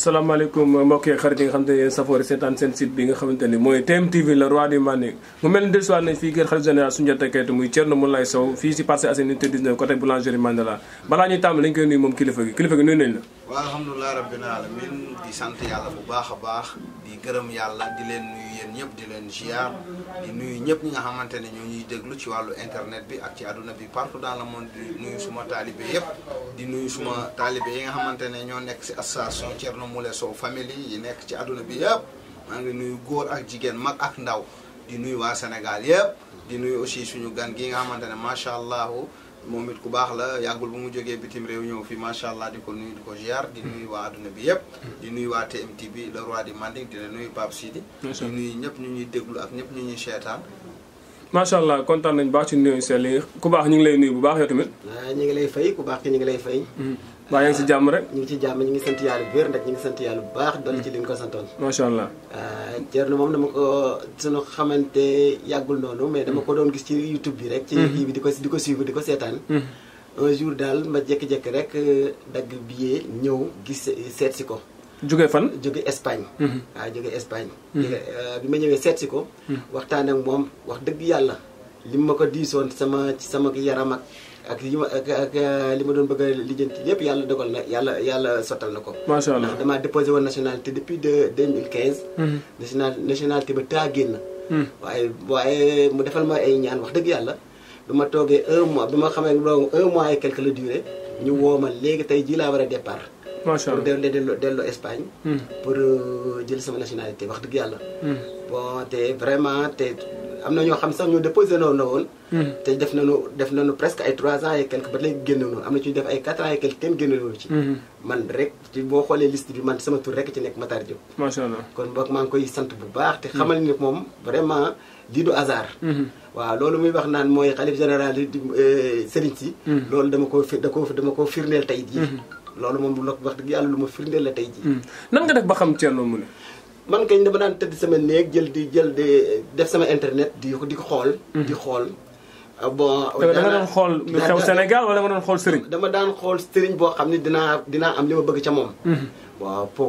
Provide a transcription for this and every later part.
salaamaaleykum mbokk yeeg xarit yi nga xam te yéen safoori seetaan seen site bi nga xamante ni mooy TMTV le roi du Manding mu mel ni dellusiwaat nañ fii kër xarit général Soundiata Keita muy Thierno Moulay Sow fii si Parcelles Assainies unité 19 côté boulangerie Mandela balaa ñuy tàmbali lañ koy nuyu moom kilifa gi kilifa gi nuyu nañ la waaw alhamdulilah rabbil alamin di sant yàlla bu baax a baax di gërëm yàlla di leen nuyu yéen ñëpp di leen ziar di nuyu ñëpp ñi nga xamante ne ñoo ñuy déglu ci wàllu internet bi ak ci àdduna bi partout dans le moon di nuyu suma taalibe yëpp. di nuyu suma taalibe yi nga xamante ne ñoo nekk si association Thierno Moule Sow famille yi nekk ci àdduna bi yëpp maa ngi nuyu góor ak jigéen mag ak ndaw di nuyu waa Sénégal yëpp di nuyu aussi suñu gan gi nga xamante ne macha allah. moom it ku baax la yàggul bu mu jógee bitim réew ñëw fi macha allah di ko nuyu di ko ziar. di nuyu waa adduna bi yëpp. di nuyu waa TMT bi le roi di Manding di la nuyu Pape Sidi. di nuyu ñëpp ñu ñuy déglu ak ñëpp ñu ñuy seetaan. macha allah kontaan nañu baax ci nuyu seen ku baax ñu ngi lay nuyu bu baax yow tamit. ñu ngi lay fay ku baax ki ñu ngi lay fay. Hmm. yaa ngi si jàmm rek ñu ngi si jàmm ñu ngi sant yàlla bu wér nag ñu ngi sant yàlla bu baax dolli ci li ñu ko santoon macha allah euh, Thierno moom dama ko sunu xamante yàggul noonu mais dama ko doon gis ci YouTube bi rek ci mhm. di ko di ko suivre di ko seetaan mhm. un daal ma jékki-jékki rek euh, dagg billet ñëw gis seet si ko jóge fan jóge Espagne mhm. waaw jóge euh, bi ma ñëwee seet si ko waxtaan ak moom wax dëgg yàlla li ma ko diisoon sama ci sama yaram ak ak li ma ak ak euh, li ma doon bëgg a lijjanti lépp yàlla dogal na yàlla yàlla sottal na ko. macha allah damaa déposé woon nationalité depuis deux deux mille quinze. Mhm. national nationalité ba taa génn. Mhm. waaye waaye mu defal ma ay ñaan wax dëgg yàlla. bi toogee un mois bi ma xamee loolu un mois et quelque la durée. ñu woo ma léegi tey jii laa war a départ. macha allah mhm. pour delloo Espagne. pour jël sama nationalité wax dëgg yàlla. bon te vraiment te. am na ñoo xam sax ñu déposé noonu la woon. Hmm. te def nañu def na ci def ay 4 ans et quelque kenn génn noonu ci. Hmm. man rek ci boo xoolee liste bi man sama tur rek ci nekk Matar kon boog maa ngi koy sant bu baax. te hmm. xamal ni moom vraiment lii du hasard. waaw loolu muy wax naan mooy xalif général di euh, si. loolu dama ko firndeel tey loolu moom lu wax dëgg yàlla lu ma firndeel la tey jii. nan nga def ba xam Thierno Moule. man kañ dama daan tëdd sama néeg jël di jël di def sama internet di di ko xool. Mhm. di xool ah, bon. da nga xool xew Sénégal wala da nga xool sëriñ. dama daan xool sëriñ boo xam ne dinaa dinaa am li ma bëgg ca moom. Mhm. waaw po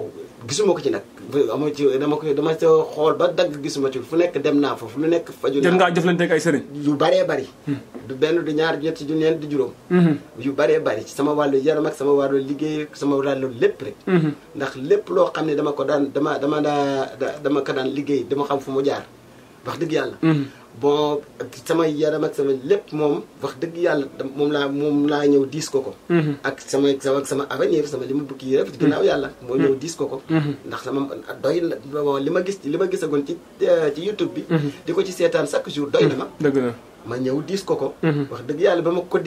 gisuma ko ci nag. ama ci dama ko dama ca xool ba dagg gisuma ci fu nekk dem naa fa fu nekk faju dem ngaa jëflante ak ay sa yu bëree bëri du benn du ñaar ñett du ñeent du juróom mhm. yu bëree bëri ci sama wàllu yaram ak sama wàllu liggéey sama wàllu lépp rek mhm. ndax lépp loo xam ne dama ko daan dama dama daa dama ko daan liggéey dama xam fu mu jaar wax dëgg yàlla mhm. bon ak sama yaram ak sama lépp moom wax dëgg yàlla moom laa moom laa ñëw diis ko ko. Mm-hmm. ak sama sama sama avenir sama li ma bëgg yëpp. ginnaaw mm-hmm. yàlla moo ñëw diis ko ko. Mm-hmm. ndax sama doy na li ma gis li ma a ci euh, ci YouTube bi. di ko ci seetaan chaque jour doy na ma. ma ñëw diis ko ko. wax dëgg yàlla ba ma ko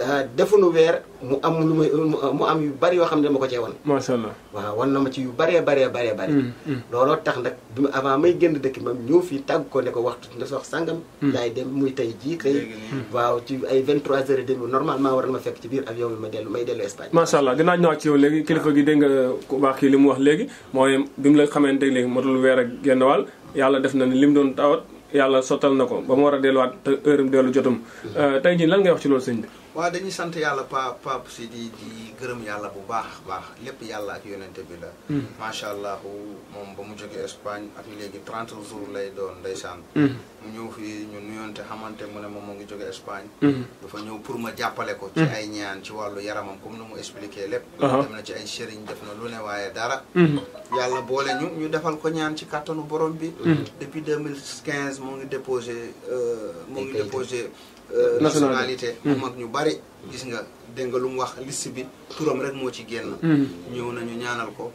Ah, defuñu weer mu am lu muy mu am yu bari yoo xam ne ma ko cee wan. macha allah waaw wan na ma ci yu baree baree baree bari. Mm, mm. looloo tax nag bi ma avant may génn dëkk mam ñëw fii tàgg ko ko waxtu na sox sàngam. Mm. laay dem muy tey jii tey. waaw ci ay 23 heures et demi war ma fekk ci biir avion bi ma dellu may dellu Espagne. macha allah dinaa ñëwaat ci yow léegi kilifa gi dégg nga ku kii li mu wax léegi mooy bi mu la xamante ne léegi matul weer ak genn wàll yàlla def na ni li mu doon tawat yàlla sottal na ko ba mu war a delluwaat te heure am dellu jotum. Euh, tey jii lan ngay wax ci loolu sëñ bi waaw dañuy sant yàlla pa pap si di di gërëm yàlla bu baax baax lépp yàlla ak yonente bi la hmm. macha allah moom ba mu jóge Espagne ak léegi trente jours lay doon ndeysaan hmm. mu ñëw fii ñu nuyoonte xamante mu ne moom mu ngi jóge Espagne hmm. dafa ñëw pour ma jàppale ko ci ay ñaan ci wàllu yaramam comme nu mu expliqué lépp uh-huh. dem na ci ay sëriñ def na lu ne waaye dara yàlla boole ñu ñu defal ko ñaan ci kàttanu borom bi depuis deux mille quinze mu ngi déposé euh, mu ngi déposé Euh, nationalité mu hmm. mag ñu bari gis nga dégg nga lu mu wax liste bi turam rek moo ci génn hmm. ñëw nañu ñaanal ko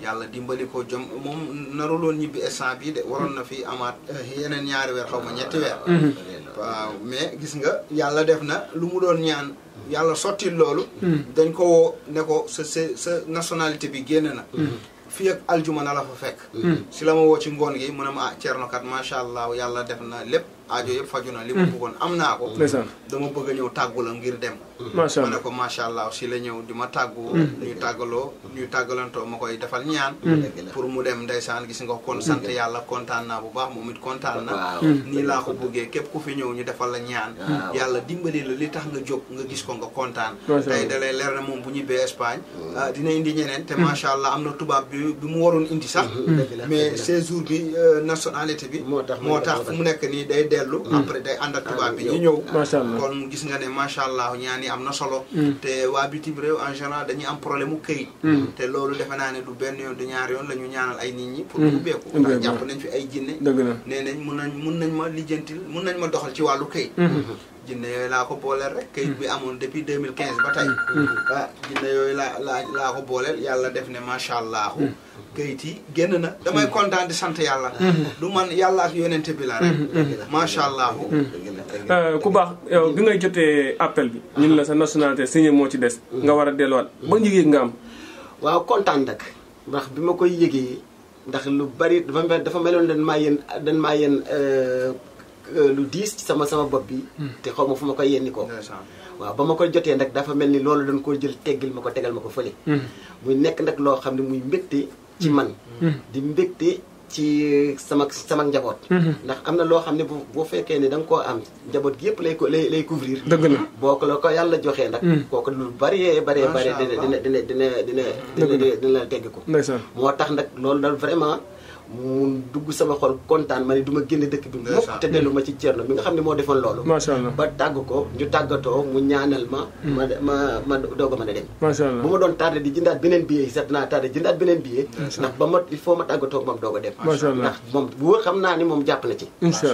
yàlla dimbali ko jom moom naruloon ñibbi instant bii de waroon na fi amaat eh, yeneen ñaari weer xaw ma ñetti weer hmm. waaw mais gis nga yàlla def na lu mu doon ñaan yàlla sotti loolu dañ ko woo ne ko sa sa sa nationalité bi génn na fii ak aljuma na la fa fekk si la ma woo ci ngoon gi mu a ma ah Thierno macha allah yàlla def na lépp aajo yëpp faju na li ma hmm. bëggoon am naa ko dama bëgg a ñëw tàggu la ngir dem ma ne ko macha allah si la ñëw di ma tàggu ñuy hmm. tàggaloo ñuy tàggalantoo ma koy defal ñaan hmm. pour mu dem ndeysaan gis nga kon sant yàlla kontaan naa bu baax moom it kontaan na nii laa ko bëggee képp ku fi ñëw ñu defal la ñaan yàlla dimbali la li tax nga jóg nga gis ko nga kontaan tey dalay leer na moom bu ñibbee Espagne ah, dina indi ñeneen te macha allah am na tubaab bi bi mu waroon indi sax mais séjour dellu hmm. après day ànd ak tubaab bi ñu ah, ñëw kon gis nga ne macha allah ñaan yi am na solo hmm. te waa bitim réew en général dañuy am problème mu këyit hmm. te loolu defe naa ne du benn yoon du ñaar yoon la ñu ñaanal ay nit ñi pour ñu ubbeeku ndax jàpp nañ fi ay jinne nee nañ mun nañ mun nañ ma lijjantil mun nañ ma doxal ci wàllu këyit jinne yooyu laa ko booleel rek. kayit bi amoon depuis 2015 ba tey. Hmm. Hmm. ah jinne yooyu laa laa laa ko booleel yàlla def ne macha allah. Hmm. kayit yi génn na. damay kontaan di sant yàlla. du man yàlla ak yonente bi la rek. macha allah. Euh, ku baax yow bi ngay jotee appel bi. Ah. ñun la sa nationalité signé moo ci des. nga war a delluwaat ba njëg nga am. waaw kontaan nag ndax bi ma koy yëgee ndax lu bari dafa meloon dañ maa yéen dañ maa yéen. Euh, lu diis ci sama sama bopp bi. te xaw ma fu ma koy yenni ko waaw ba ma ko jotee nag dafa mel ni loolu dañ koo jël teggil ma ko tegal ma ko fële. muy nekk nag loo xam ne muy mbégte ci man. di mbégte ci sama sama njaboot. ndax am na loo xam ne bu boo fekkee ne da nga koo am njaboot gi yëpp lay ko lay lay couvrir. dëgg la boo ko la ko yàlla joxee nag. kooku lu bari bari bari dina dina dina dina dina tegg ko. moo tax nag loolu daal vraiment. mu dugg sama xol kontaan ma ne du ma génn dëkk bi mukk te dellu ma ci Thierno mi nga xam ne moo defoon loolu macha allah ba tàgg ko ñu tàggatoo mu ñaanal ma hmm. ma ma ma a dem bu ma doon tardé di jëndaat beneen billet yi sax dinaa tardé jëndaat beneen billet ndax ba ma il faut ma tàggatoo moom doog a dem macha allah ndax moom wóor xam naa ni moom jàpp na ci incha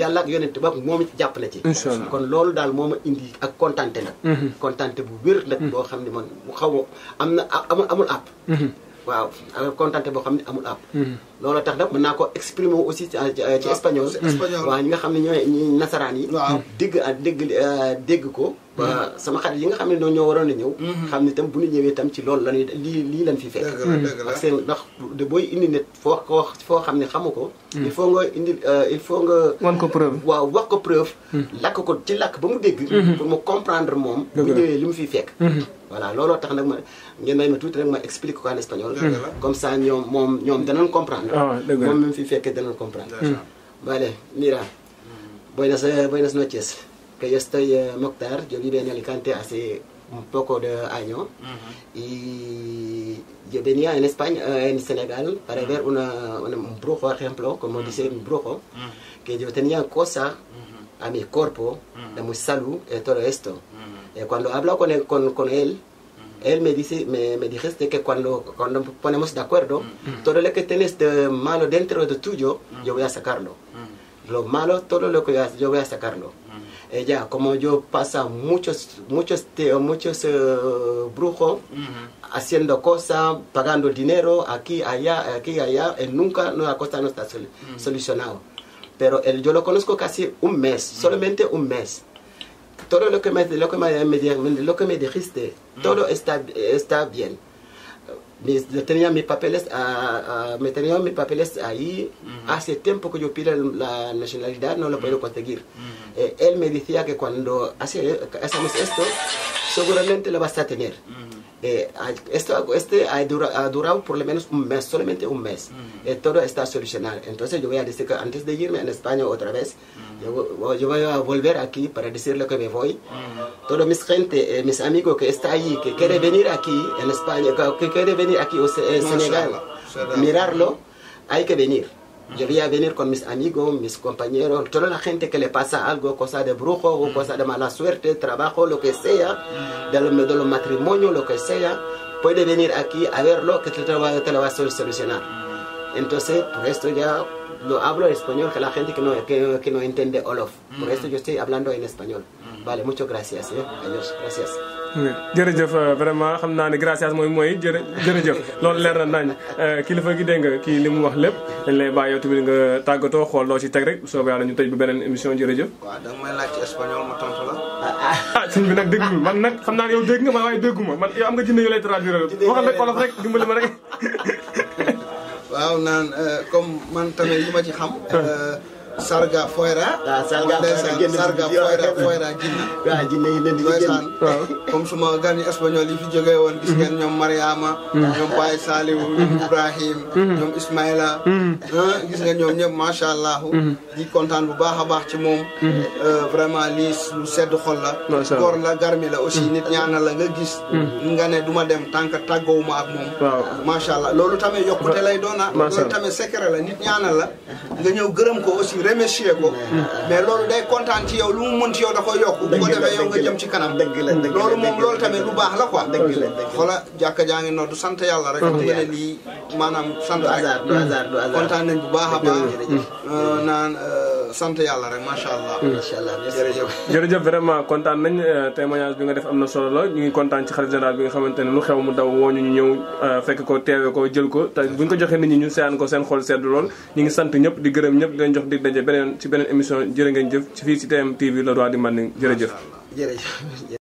yàlla ak yonent ba moom jàpp na ci kon loolu daal moo ma indi ak kontaante nag hmm. kontaante bu wér nag hmm. boo xam waaw avec contenté boo xam ne amul àpp. Hmm. looloo tax nag mën naa ko exprimer aussi ci ci ah, espagnol. waaw ñi nga xam ne ñooy ñi nasaraan yi. waaw dégg ah, dégg euh, dégg ko. ba mm-hmm. sama xarit yi nga xam ne noonu ñoo waroon a ñëw mm-hmm. xam ne itam bu ñu ñëwee itam ci loolu lañuy lii lii lañ fi fekk ak seen ndax booy indi nit foo ko foo xam ne xamu ko mm. il faut nga indi euh, il faut nga wan ko preuve waaw wax ko preuve mm. lakk ko ci lakk ba mu dégg mm-hmm. pour mu comprendre moom bu ñëwee li mu fiy fekk voilà looloo tax nag ma ngeen may ma tuuti rek ma explique ko en espagnol comme ça ñoom moom ñoom danañ comprendre ah, moom même fi fekkee danañ comprendre vale mira mm. buenas buenas noches que yo estoy en Mokhtar, yo vivo en Alicante hace un poco de año uh -huh. y yo venía en España, eh, en Senegal, para uh -huh. ver una, una, un brujo, por ejemplo, como uh -huh. dice un brujo, que yo tenía cosas a mi cuerpo, de mi salud y eh, todo esto. Y eh, cuando hablo con él, con, con él él me dice me, me, dijiste que cuando, cuando ponemos de acuerdo, todo lo que tienes de malo dentro de tuyo, yo voy a sacarlo. Lo malo, todo lo que yo voy a sacarlo. ya como yo pasa muchos muchos eh, haciendo cosas pagando dinero aquí allá y nunca no solucionado pero yo lo conozco casi un mes solamente un mes todo lo que me lo todo está bien ni tenía mis papeles, a, a, me tenían mis papeles ahí uh -huh. hace tiempo que yo pido la nacionalidad, no lo puedo conseguir. Uh -huh. eh, él me decía que cuando hace, hacemos esto, seguramente lo vas a tener. Uh -huh. Eh, esto, este ha durado, ha durado, por lo menos un mes, solamente un mes. Uh todo está solucionado. Entonces yo voy a decir que antes de irme en España otra vez, mm. yo, yo, voy volver aquí para decirle que me voy. Uh mis gente, eh, mis amigos que está allí, que quiere venir aquí en España, que, quiere venir aquí o sea, en eh, Senegal, hay que venir. yo vi a venir con mis amigos, mis compañeros, toda la gente que le pasa algo, cosa de brujo o mm. cosa de mala suerte, trabajo, lo que sea, de los, de lo que sea, puede venir aquí a verlo que te, te, te lo va a solucionar. Entonces, por esto ya lo hablo en español que la gente que no, entiende Olof. Por mm. esto yo estoy hablando en español. Mm. Vale, muchas gracias. ¿eh? Adiós, gracias. jërëjëf euh, vraiment xam naa ne gracias mooy mooy jërë jërëjëf loolu leer na nañ euh, kilifa gi dégg nga kii li mu wax lépp dañ lay bàyyi yow tamit nga tàggatoo xool loo ci teg rek soo ko yàlla ñu tëj bu beneen émission jërëjëf. waaw da nga may laaj ci la. ah bi nag déggul man nag xam naa ne yow dégg nga ma waaye déggu ma man yow am nga jinne yu lay traduire waxal rek olof rek dimbali ma rek. waaw naan euh, comme man tamit li ma ci xam. Sarga Foyra. waaw ah, Sarga Foyra génn Sarga Foyra Foyra Jinne. waaw ah, Jinne yi leen di génn waaw comme suma gan yi espagnol yi fi jógee woon. gis ngeen ñoom Mariama. Mm-hmm. ñoom Baye Saliou. Mm-hmm. Ibrahim. Mm-hmm. ñoom Ismaïla. Ah, gis ngeen ñoom ñëpp macha allah. di kontaan bu baax a baax ci moom. Euh, vraiment lii lu sedd xol la. góor la garmi la aussi nit ñaanal la nga gis. nga ne duma dem tànk tàggoowuma ak moom. waaw macha allah loolu tamit yokkute lay doona. loolu tamit secret la nit ñaanal la. Uh-huh. nga ñëw gërëm ko aussi. remercier ko mais loolu day kontaan ci yow lu mu mën ci yow da koy yokk bu ko defee yow nga jëm ci kanam loolu moom loolu tamit lu baax la quoi xoola jàkka jaa ngi noddu sant yàlla rek nga ne lii maanaam sant ak kontaan nañ bu baax a baax mm. euh, euh, sant yàlla rek macha macha allah hmm. jërëjëf. jërëjëf vraiment kontaan nañ euh, témoignage bi nga def am na solo la ñu ngi kontaan ci xarit général bi nga xamante ne lu xew mu daw woo ñu ñëw euh, fekk ko teewe ko jël ko te bu ñu ko joxee nit ñi ñu seetaan ko seen xol seddu lool ñu ngi sant ñëpp di gërëm ñëpp di leen jox dig daje beneen ci beneen émission jërë ngeen jëf ci fii ci TM TV le roi du Manding jërëjëf. jërëjëf.